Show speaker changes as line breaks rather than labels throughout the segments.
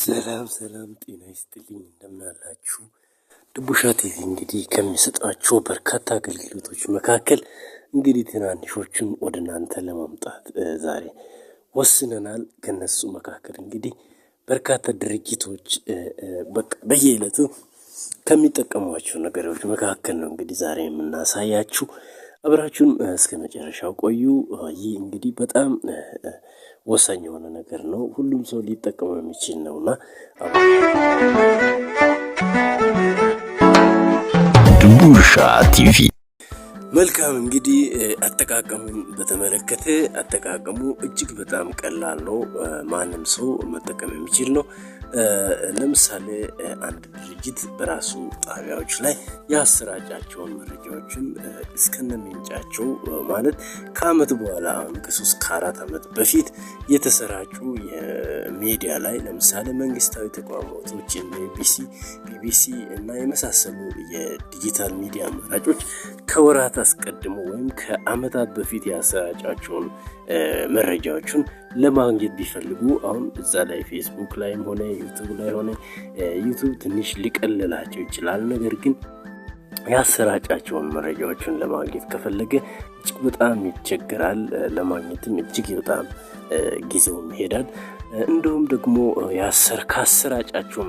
ሰላም ሰላም ጤና ይስጥልኝ እንደምን አላችሁ? ድቡሻ ቲቪ እንግዲህ ከሚሰጣቸው በርካታ አገልግሎቶች መካከል እንግዲህ ትናንሾቹን ወደ እናንተ ለማምጣት ዛሬ ወስነናል። ከነሱ መካከል እንግዲህ በርካታ ድርጅቶች በየዕለቱ ከሚጠቀሟቸው ነገሮች መካከል ነው እንግዲህ ዛሬ የምናሳያችሁ። አብራችሁን እስከ መጨረሻው ቆዩ። ይህ እንግዲህ በጣም ወሳኝ የሆነ ነገር ነው፣ ሁሉም ሰው ሊጠቀመው የሚችል ነውና
ድርሻ ቲቪ
መልካም እንግዲህ አጠቃቀምን በተመለከተ አጠቃቀሙ እጅግ በጣም ቀላል ነው። ማንም ሰው መጠቀም የሚችል ነው። ለምሳሌ አንድ ድርጅት በራሱ ጣቢያዎች ላይ ያሰራጫቸውን መረጃዎችን እስከነምንጫቸው ማለት ከአመት በኋላ አሁን ከሶስት ከአራት አመት በፊት የተሰራጩ የሚዲያ ላይ ለምሳሌ መንግስታዊ ተቋማቶች እንደ ቢቢሲ እና የመሳሰሉ የዲጂታል ሚዲያ አማራጮች ከወራት አስቀድሞ ወይም ከአመታት በፊት ያሰራጫቸውን መረጃዎችን ለማግኘት ቢፈልጉ አሁን እዛ ላይ ፌስቡክ ላይም ሆነ ዩቱብ ላይ ሆነ ዩቱብ ትንሽ ሊቀልላቸው ይችላል። ነገር ግን ያሰራጫቸውን መረጃዎችን ለማግኘት ከፈለገ እጅግ በጣም ይቸገራል። ለማግኘትም እጅግ በጣም ጊዜውም ይሄዳል። እንደውም ደግሞ የአስር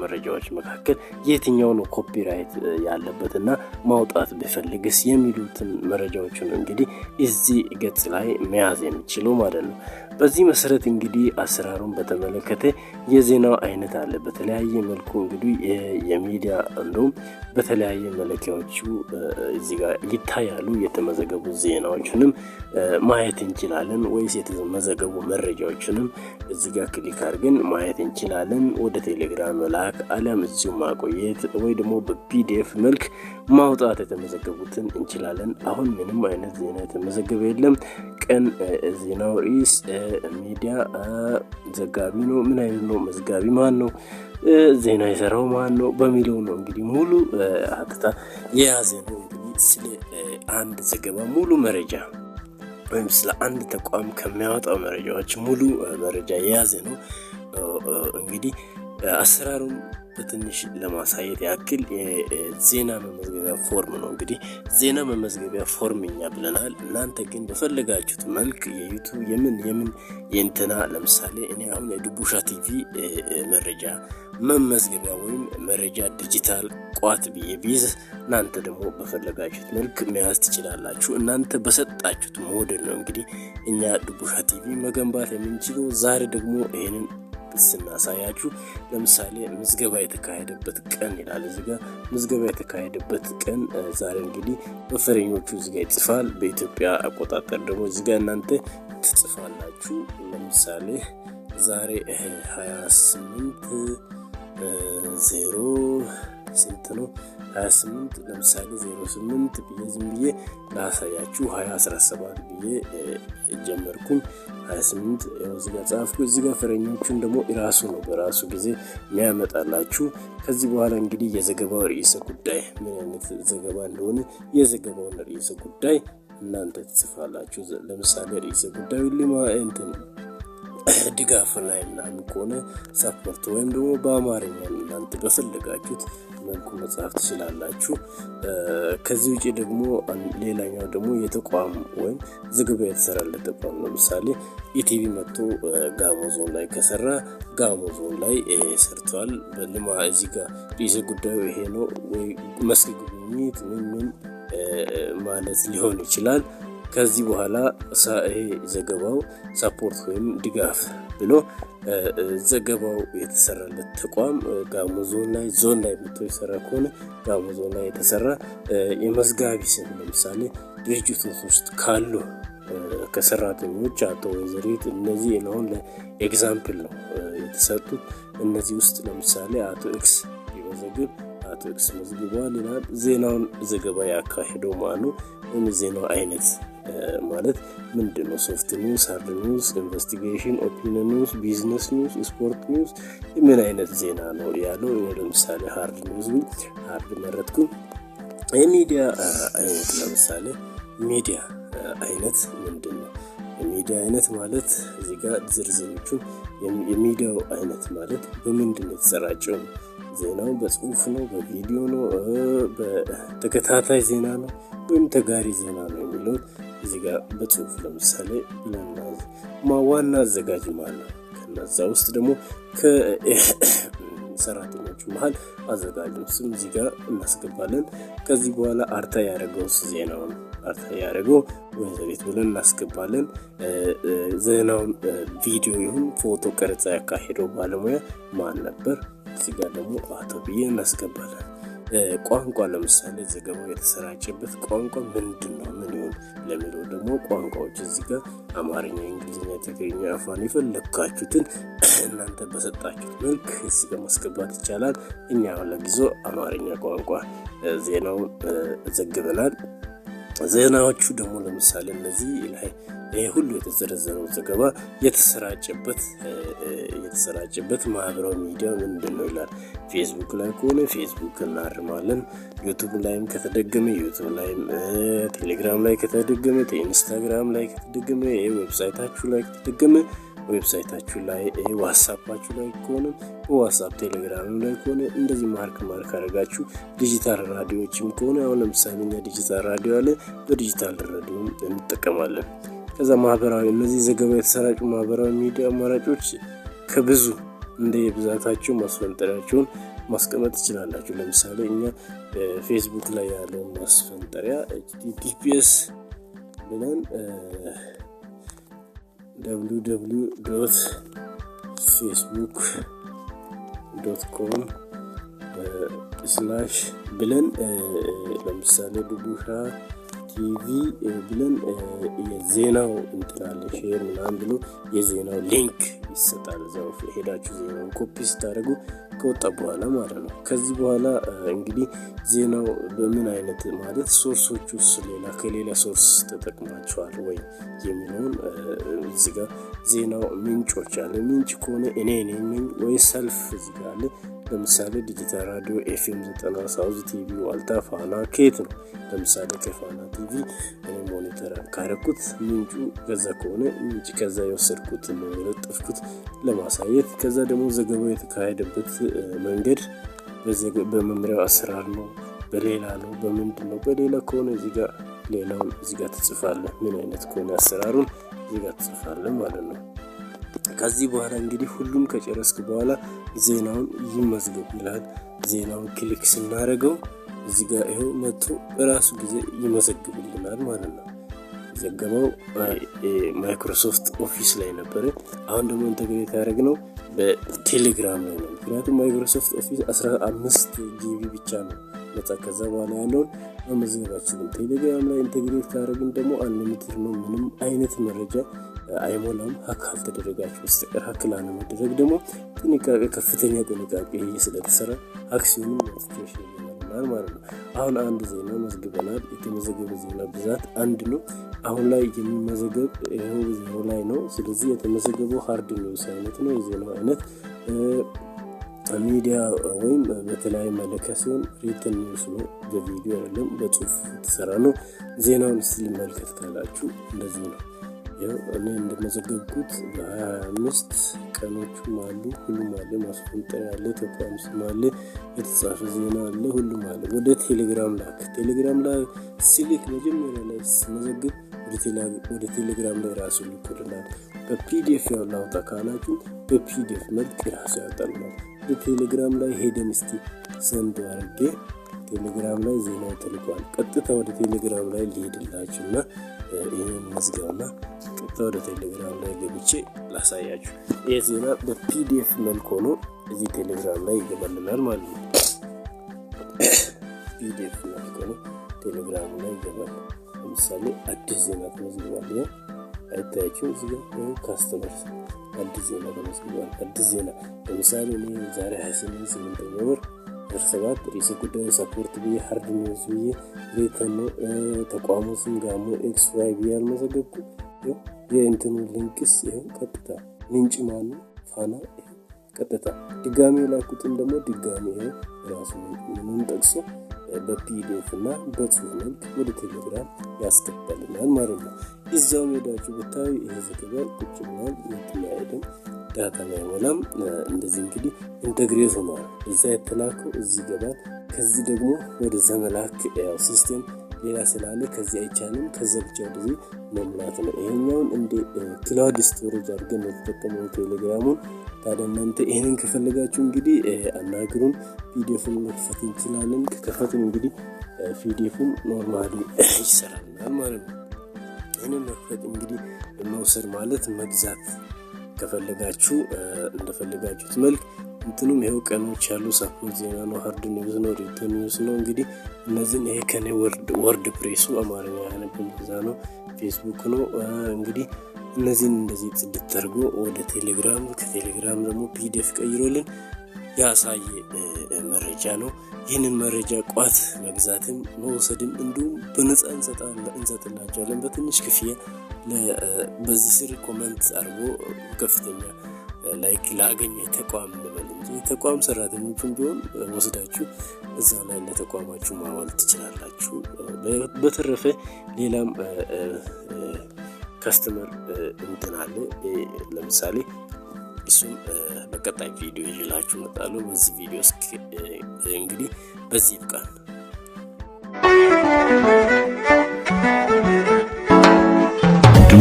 መረጃዎች መካከል የትኛው ነው ኮፒራይት ያለበትና ማውጣት ቢፈልግስ የሚሉትን መረጃዎችን እንግዲህ እዚህ ገጽ ላይ መያዝ የሚችለው ማለት ነው። በዚህ መሰረት እንግዲህ አሰራሩን በተመለከተ የዜናው አይነት አለ። በተለያየ መልኩ እንግዲህ የሚዲያ እንዲሁም በተለያየ መለኪያዎቹ ጋር ይታያሉ የተመዘገቡ ዜናዎች መረጃዎችንም ማየት እንችላለን ወይስ የተመዘገቡ መረጃዎችንም እዚህ ጋር ክሊክ አድርገን ማየት እንችላለን። ወደ ቴሌግራም መላክ አሊያም እዚሁ ማቆየት ወይ ደግሞ በፒዲኤፍ መልክ ማውጣት የተመዘገቡትን እንችላለን። አሁን ምንም አይነት ዜና የተመዘገበ የለም። ቀን ዜናው ርዕስ ሚዲያ ዘጋቢ ነው፣ ምን አይነት ነው፣ መዝጋቢ ማን ነው፣ ዜና የሰራው ማን ነው በሚለው ነው እንግዲህ ሙሉ ሀተታ የያዘ ነው። ስለ አንድ ዘገባ ሙሉ መረጃ ወይም ስለ አንድ ተቋም ከሚያወጣው መረጃዎች ሙሉ መረጃ የያዘ ነው። እንግዲህ አሰራሩን በትንሽ ለማሳየት ያክል የዜና መመዝገቢያ ፎርም ነው። እንግዲህ ዜና መመዝገቢያ ፎርም እኛ ብለናል። እናንተ ግን በፈለጋችሁት መልክ የዩቱብ የምን የምን የእንትና ለምሳሌ እኔ አሁን የድቡሻ ቲቪ መረጃ መመዝገቢያ ወይም መረጃ ዲጂታል ቋት ብዬ ቢዝ እናንተ ደግሞ በፈለጋችሁት መልክ መያዝ ትችላላችሁ። እናንተ በሰጣችሁት ሞዴል ነው እንግዲህ እኛ ድቡሻ ቲቪ መገንባት የምንችለው። ዛሬ ደግሞ ይህንን ስናሳያችሁ ለምሳሌ ምዝገባ የተካሄደበት ቀን ይላል እዚ ጋ ምዝገባ የተካሄደበት ቀን ዛሬ እንግዲህ በፈረኞቹ እዚ ጋ ይጽፋል። በኢትዮጵያ አቆጣጠር ደግሞ እዚ ጋ እናንተ ትጽፋላችሁ። ለምሳሌ ዛሬ 28 ዜሮ ስልት ነው ለ28 ለምሳሌ 08 ብዬ ዝም ብዬ ላሳያችሁ 217 ብዬ ጀመርኩኝ። 28 እዚ ጻፍኩ። እዚጋ ፍረኞቹን ደግሞ ራሱ ነው በራሱ ጊዜ የሚያመጣላችሁ። ከዚህ በኋላ እንግዲህ የዘገባው ርዕሰ ጉዳይ ምን አይነት ዘገባ እንደሆነ የዘገባውን ርዕሰ ጉዳይ እናንተ ትጽፋላችሁ። ለምሳሌ ርዕሰ ጉዳዩ ሊማ እንትን ድጋፍ ላይ ምናምን ከሆነ ሰፖርት ወይም ደግሞ በአማርኛ እናንተ በፈለጋችሁት መልኩ መጻፍ ትችላላችሁ። ከዚህ ውጭ ደግሞ ሌላኛው ደግሞ የተቋም ወይም ዝግባ የተሰራለት ተቋም ለምሳሌ ኢቲቪ መጥቶ ጋሞ ዞን ላይ ከሰራ ጋሞ ዞን ላይ ሰርተዋል። በልማ እዚህ ጋር ይዘ ጉዳዩ ይሄ ነው ወይ መስክ ጉብኝት ምን ምን ማለት ሊሆን ይችላል። ከዚህ በኋላ ይሄ ዘገባው ሳፖርት ወይም ድጋፍ ብሎ ዘገባው የተሰራለት ተቋም ጋሞ ዞን ላይ ዞን ላይ መጥቶ የሰራ ከሆነ ጋሞ ዞን ላይ የተሰራ የመዝጋቢ ስም ለምሳሌ ድርጅቱ ውስጥ ካሉ ከሰራተኞች አቶ ወይዘሪት እነዚህ ለሆን ኤግዛምፕል ነው የተሰጡት። እነዚህ ውስጥ ለምሳሌ አቶ ኤክስ ቢመዘግብ አቶ ኤክስ መዝግበዋል ይላል ዜናውን ዘገባ ያካሄደው ማኑ ወይም ዜናው አይነት Uh, ማለት ምንድን ነው? ሶፍት ኒውስ፣ ሃርድ ኒውስ፣ ኢንቨስቲጌሽን፣ ኦፒኒየን ኒውስ፣ ቢዝነስ ኒውስ፣ ስፖርት ኒውስ ምን አይነት ዜና ነው ያለው። ለምሳሌ ሀርድ ኒውስ ሀርድ መረጥኩ። የሚዲያ uh, አይነት ለምሳሌ ሚዲያ uh, አይነት ምንድን ነው? የሚዲያ አይነት ማለት እዚህ ጋር ዝርዝሮቹ የሚዲያው አይነት ማለት በምንድን ነው የተሰራጨው ነው ዜናው በጽሁፍ ነው፣ በቪዲዮ ነው፣ በተከታታይ ዜና ነው ወይም ተጋሪ ዜና ነው የሚለው እዚህ ጋር በጽሁፍ ለምሳሌ ዋና አዘጋጅ ማን ነው? ከነዛ ውስጥ ደግሞ ከሰራተኞቹ መሀል አዘጋጁን ስም እዚህ ጋር እናስገባለን። ከዚህ በኋላ አርታ ያደረገው ዜናውን አርታ ያደረገው ወይዘቤት ብለን እናስገባለን። ዜናውን ቪዲዮ ይሁን ፎቶ ቀረጻ ያካሄደው ባለሙያ ማን ነበር? እዚህ ጋር ደግሞ አቶ ብዬ እናስገባለን። ቋንቋ ለምሳሌ ዘገባው የተሰራጨበት ቋንቋ ምንድን ነው? ምን ይሆን ለሚለው ደግሞ ቋንቋዎች እዚህ ጋር አማርኛ፣ እንግሊዝኛ፣ ትግርኛ፣ አፋን የፈለግካችሁትን እናንተ በሰጣችሁት መልክ እዚህ ጋር ማስገባት ይቻላል። እኛ ለጊዜው አማርኛ ቋንቋ ዜናውን ዘግበናል። ዜናዎቹ ደግሞ ለምሳሌ እነዚህ ላይ ሁሉ የተዘረዘረው ዘገባ የተሰራጨበት የተሰራጨበት ማህበራዊ ሚዲያ ምንድን ነው ይላል። ፌስቡክ ላይ ከሆነ ፌስቡክ እናርማለን። ዩቱብ ላይም ከተደገመ ዩቱብ ላይም፣ ቴሌግራም ላይ ከተደገመ፣ ኢንስታግራም ላይ ከተደገመ፣ ዌብሳይታችሁ ላይ ከተደገመ ዌብሳይታችሁ ላይ ዋትሳፓችሁ ላይ ከሆነ ዋትሳፕ ቴሌግራም ላይ ከሆነ እንደዚህ ማርክ ማርክ አረጋችሁ ዲጂታል ራዲዮዎችም ከሆነ አሁን ለምሳሌ እኛ ዲጂታል ራዲዮ አለ በዲጂታል ረዲዮ እንጠቀማለን። ከዛ ማህበራዊ እነዚህ ዘገባ የተሰራጩ ማህበራዊ ሚዲያ አማራጮች ከብዙ እንደ የብዛታቸው ማስፈንጠሪያቸውን ማስቀመጥ ትችላላችሁ። ለምሳሌ እኛ ፌስቡክ ላይ ያለውን ማስፈንጠሪያ ዲፒኤስ ብለን ፌስቡክ ዶት ኮም ስላሽ ብለን ለምሳሌ ዱጉሻ ቲቪ ብለን የዜናው እንትናለ ሼር ምናም ብሎ የዜናው ሊንክ ይሰጣል። እዛው ሄዳችሁ ዜናውን ኮፒ ስታደርጉ ከወጣ በኋላ ማለት ነው። ከዚህ በኋላ እንግዲህ ዜናው በምን አይነት ማለት ሶርሶች ውስጥ ሌላ ከሌላ ሶርስ ተጠቅማቸዋል ወይ የሚለውን እዚህ ጋር ዜናው ምንጮች አለ። ምንጭ ከሆነ እኔ እኔ ነኝ ወይ ሰልፍ እዚህ ጋር አለ። ለምሳሌ ዲጂታል ራዲዮ ኤፍኤም ዘጠና ሳውዝ ቲቪ ዋልታ ፋና ከየት ነው? ለምሳሌ ከፋና ቲቪ ነበረ ካረኩት ምንጩ ከዛ ከሆነ ምንጭ ከዛ የወሰድኩት ነው የለጠፍኩት ለማሳየት። ከዛ ደግሞ ዘገባው የተካሄደበት መንገድ በመምሪያው አሰራር ነው፣ በሌላ ነው፣ በምንድን ነው? በሌላ ከሆነ እዚህ ሌላውን እዚጋ ትጽፋለ ምን አይነት ከሆነ አሰራሩን እዚጋ ትጽፋለ ማለት ነው። ከዚህ በኋላ እንግዲህ ሁሉም ከጨረስክ በኋላ ዜናውን ይመዝገብ ይላል። ዜናውን ክሊክ ስናደረገው እዚጋ ጋር ይኸው መጥቶ በራሱ ጊዜ ይመዘግብልናል ማለት ነው። የተዘገበው ማይክሮሶፍት ኦፊስ ላይ ነበረ። አሁን ደግሞ ኢንተግሬት ነው በቴሌግራም ላይ ነው። ምክንያቱም ማይክሮሶፍት ኦፊስ 15 ጂቢ ብቻ ነው ነጻ። ከዛ በኋላ ያለውን መመዝገብ አችልም። ቴሌግራም ላይ ኢንተግሬት ካደረግን ደግሞ አንሊሚትድ ነው። ምንም አይነት መረጃ አይሞላም፣ ሀክ አልተደረጋችሁ በስተቀር። ሀክ ላለመደረግ ደግሞ ጥንቃቄ፣ ከፍተኛ ጥንቃቄ ስለተሰራ ሀክ ሲሆንም ይችላል ማለት ነው። አሁን አንድ ዜና መዝግበናል። የተመዘገበ ዜና ብዛት አንድ ነው። አሁን ላይ የሚመዘገብ ይኸው ዜናው ላይ ነው። ስለዚህ የተመዘገበው ሀርድ ኒውስ አይነት ነው የዜናው አይነት ሚዲያ ወይም በተለያዩ መለኪያ ሲሆን ሪትን ኒውስ ነው። በቪዲዮ አይደለም፣ በጽሁፍ የተሰራ ነው። ዜናውን ስል መልከት ካላችሁ እንደዚህ ነው። ያው እኔ እንደመዘገብኩት በሀያ አምስት ቀኖቹም አሉ፣ ሁሉም አለ። ማስፈንጠሪያ አለ፣ ኢትዮጵያም ስም አለ፣ የተጻፈ ዜና አለ፣ ሁሉም አለ። ወደ ቴሌግራም ላክ። ቴሌግራም ላይ ሲልክ መጀመሪያ ላይ ስመዘግብ ወደ ቴሌግራም ላይ ራሱ ልኮልናል። በፒዲኤፍ ያውላውጣ ካላችሁ በፒዲፍ መልክ ራሱ ያወጣልናል። በቴሌግራም ላይ ሄደን እስቲ ሰንድ አድርጌ ቴሌግራም ላይ ዜና ተልቋል። ቀጥታ ወደ ቴሌግራም ላይ ሊሄድላችሁ እና ይህን መዝጋና ወደ ቴሌግራም ላይ ገብቼ ላሳያችሁ። ይህ ዜና በፒዲኤፍ መልክ ሆኖ እዚህ ቴሌግራም ላይ ይገባልናል ማለት ነው። ፒዲኤፍ መልክ ሆኖ ቴሌግራም ላይ ይገባል። ለምሳሌ አዲስ ዜና ተመዝግቧል። ያ አይታያቸው እዚጋ ጋር ካስተመርስ አዲስ ዜና ተመዝግቧል። አዲስ ዜና ለምሳሌ እኔ ዛሬ 28 ስምንተኛ ወር ሰባት ርዕሰ ጉዳዩ ሰፖርት ብዬ ሀርድ ኒውስ ብዬ ተቋሙ ስም ጋሞ ኤክስ ዋይ ብዬ አልመዘገብኩም። የእንትኑ ሊንክስ ይኸው ቀጥታ ምንጭ ማኑ ፋና ይኸው ቀጥታ ድጋሚ የላኩትን ደግሞ ድጋሚ ይኸው ራሱ ምንም ጠቅሶ በፒዲኤፍ እና በጽሁፍ መልክ ወደ ቴሌግራም ያስከተልናል ማለት ነው። እዛው ሄዳችሁ ብታዩ ይህ ዘገባ ቁጭ ብሏል። የትናሄድም ዳታ ላይ ሆናም እንደዚህ እንግዲህ ኢንተግሬት ሆኗል። እዛ የተላከው እዚህ ገባል። ከዚህ ደግሞ ወደዛ መላክ ያው ሲስቴም ሌላ ስላለ ከዚህ አይቻልም። ከዚያ ብቻ ወደዚህ መሙላት ነው። ይሄኛውን እንደ ክላውድ ስቶሬጅ አድርገን የተጠቀመው ቴሌግራሙን። ታዲያ እናንተ ይህንን ከፈለጋችሁ እንግዲህ አናግሩን። ፒዲኤፉን መክፈት እንችላለን። ከከፈቱ እንግዲህ ፒዲኤፉን ኖርማሊ ይሰራልናል ማለት ነው። ይህንን መክፈት እንግዲህ መውሰድ ማለት መግዛት ከፈለጋችሁ እንደፈለጋችሁት መልክ እንትኑም ይኸው ቀኖች ያሉ ሰፖርት ዜና ነው። ሀርድ ኒውዝ ነው። ሬተ ኒውዝ ነው። እንግዲህ እነዚህን ይሄ ከኔ ወርድ ፕሬሱ አማርኛ ያነብም ዛ ነው። ፌስቡክ ነው እንግዲህ እነዚህን እንደዚህ ጽድት አድርጎ ወደ ቴሌግራም ከቴሌግራም ደግሞ ፒዲኤፍ ቀይሮልን ያሳየ መረጃ ነው። ይህንን መረጃ ቋት መግዛትም መውሰድም እንዲሁም በነፃ እንሰጥላቸዋለን በትንሽ ክፍያ። በዚህ ስር ኮመንት አድርጎ ከፍተኛ ላይክ ላገኘ ተቋም የተቋም ሰራተኞችም ቢሆን ወስዳችሁ እዛ ላይ ለተቋማችሁ ማዋል ትችላላችሁ። በተረፈ ሌላም ከስተመር እንትን አለ። ለምሳሌ እሱም በቀጣይ ቪዲዮ ይላችሁ መጣሉ በዚህ ቪዲዮ እንግዲህ በዚህ ይብቃል።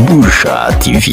ድርሻ ቲቪ